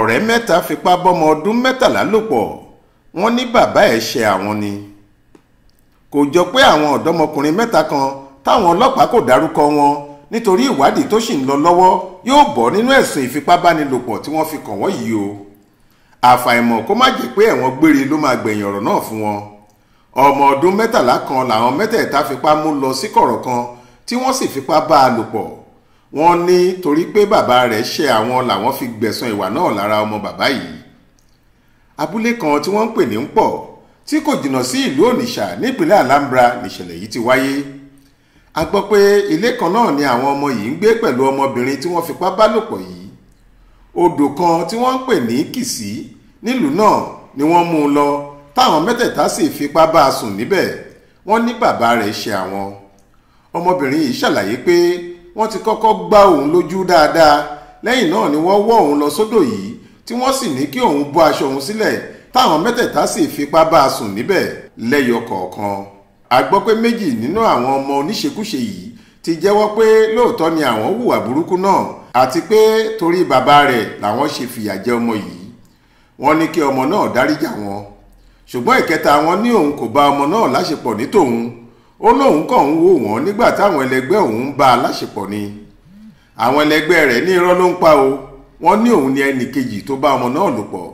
ọ̀rẹ́ mẹ́ta fipá bọ́mọ ọdún mẹ́tàlá lò pọ̀ wọ́n ní bàbá ẹ̀ ṣe àwọn ni kò jọ pé àwọn ọ̀dọ́mọkùnrin mẹ́ta kan táwọn ọlọ́pàá kò dárúkọ wọn nítorí ìwádìí tó sì ń lọ lọ́wọ́ yóò bọ́ nínú ẹ̀sùn ìfipábánilòpọ̀ tí wọ́n fi kàn wọ́n yìí o àfàìmọ̀ kó má jẹ́ pé ẹ̀wọ̀n gbére ló máa gbẹ̀yìn ọ̀rọ̀ náà fún wọn ọmọ ọdún mẹ́tàlá kan làwọn mẹ́tẹ̀ẹ̀ta fipá mú lọ sí kọ̀rọ̀ kan tí wọ́n sì fipá bá a lò wọ́n ní torí pé bàbá rẹ̀ ṣe àwọn làwọn fi gbẹ̀sán ìwà náà lára ọmọ bàbá yìí abúlé kan tí wọ́n ń pè ní ń pọ̀ tí kò jìnnà sí ìlú Onitsha nípínlẹ̀ Alambra nìṣẹ̀lẹ̀ yìí ti wáyé a gbọ́ pé ilé kan náà ni àwọn ọmọ yìí ń gbé pẹ̀lú ọmọbìnrin tí wọ́n fipá bá lòpọ̀ yìí odò kan tí wọ́n ń pè ní Kìsì nílùú náà ni wọ́n mú un lọ táwọn mẹ́tẹ̀ẹ̀ta sì fipá bá a sùn níbẹ̀ wọ́n ní bàbá rẹ̀ ṣe àwọn ọmọbìnrin yìí ṣàlàyé pé wọ́n ti kọ́kọ́ gbá òun lójú dáadáa lẹ́yìn náà ni wọ́n wọ́ òun lọ sódò yìí tí wọ́n sì ní kí òun bọ́ aṣọ òun sílẹ̀ táwọn mẹ́tẹ̀ẹ̀ta sì fipá bá a sùn níbẹ̀ lẹ́yọ kọ̀ọ̀kan a gbọ́ pé méjì nínú àwọn ọmọ oníṣekúṣe yìí ti jẹ́wọ́ pé lóòótọ́ ni àwọn hùwà burúkú náà àti pé torí bàbá rẹ̀ làwọn ṣe fìyà jẹ ọmọ yìí wọ́n ní kí ọmọ náà dáríjà wọn ṣùgbọ́n ìkẹta wọn ní òun kò bá ọmọ náà láṣepọ̀ ní tòun ó lóun kàn ń wò wọ́n nígbà táwọn ẹlẹgbẹ́ òun ń bá a láṣepọ̀ ni àwọn ẹlẹgbẹ́ rẹ̀ ní irọ́ ló ń pa o wọ́n ní òun ni ẹnì kejì tó bá ọmọ náà lò pọ̀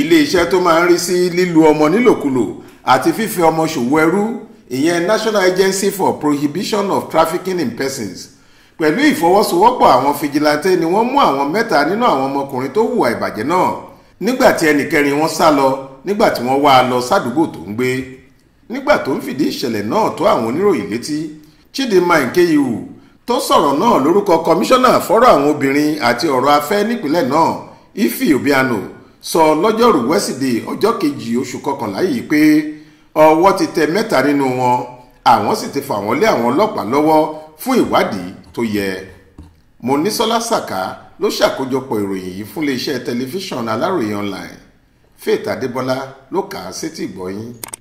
iléeṣẹ́ tó máa ń rí sí lílu ọmọ nílòkulò àti fífi ọmọ ṣòwò ẹrú ìyẹn National Agency for Prohibition of Trafficking in Persons pẹ̀lú ìfọwọ́sowọ́pọ̀ àwọn fijilanté ni wọ́n mú àwọn mẹ́ta nínú àwọn ọmọkùnrin tó hùwà ìbàjẹ́ náà nígbà tí ẹnìkẹrin wọn sá lọ nígbà tí wọ́n wá a lọ sádùúgbò tó ń gbé nígbà tó ń fìdí ìṣẹ̀lẹ̀ náà tó àwọn oníròyìn létí Chidinma Nkeyiwu tó sọ̀rọ̀ náà lórúkọ kọmíṣánná fọ́rọ̀ àwọn obìnrin àti ọ̀rọ̀ afẹ́ nípìnlẹ̀ náà Ifi Obiano sọ lọ́jọ́rú wẹ́sídẹ̀ẹ́ ọjọ́ kejì oṣù kọkànlá yìí pé ọwọ́ ti tẹ mẹ́ta nínú wọn àwọn sì ti fà wọ́n lé àwọn ọlọ́pàá lọ́wọ́ fún ìwádìí tó yẹ Mọ́nísọ́lá Sàká ló ṣàkójọpọ̀ ìròyìn yìí fún iléeṣẹ́ tẹlifíṣàn Aláròye online Faith Adébọlá ló kà á sétí ìgbọ́yín.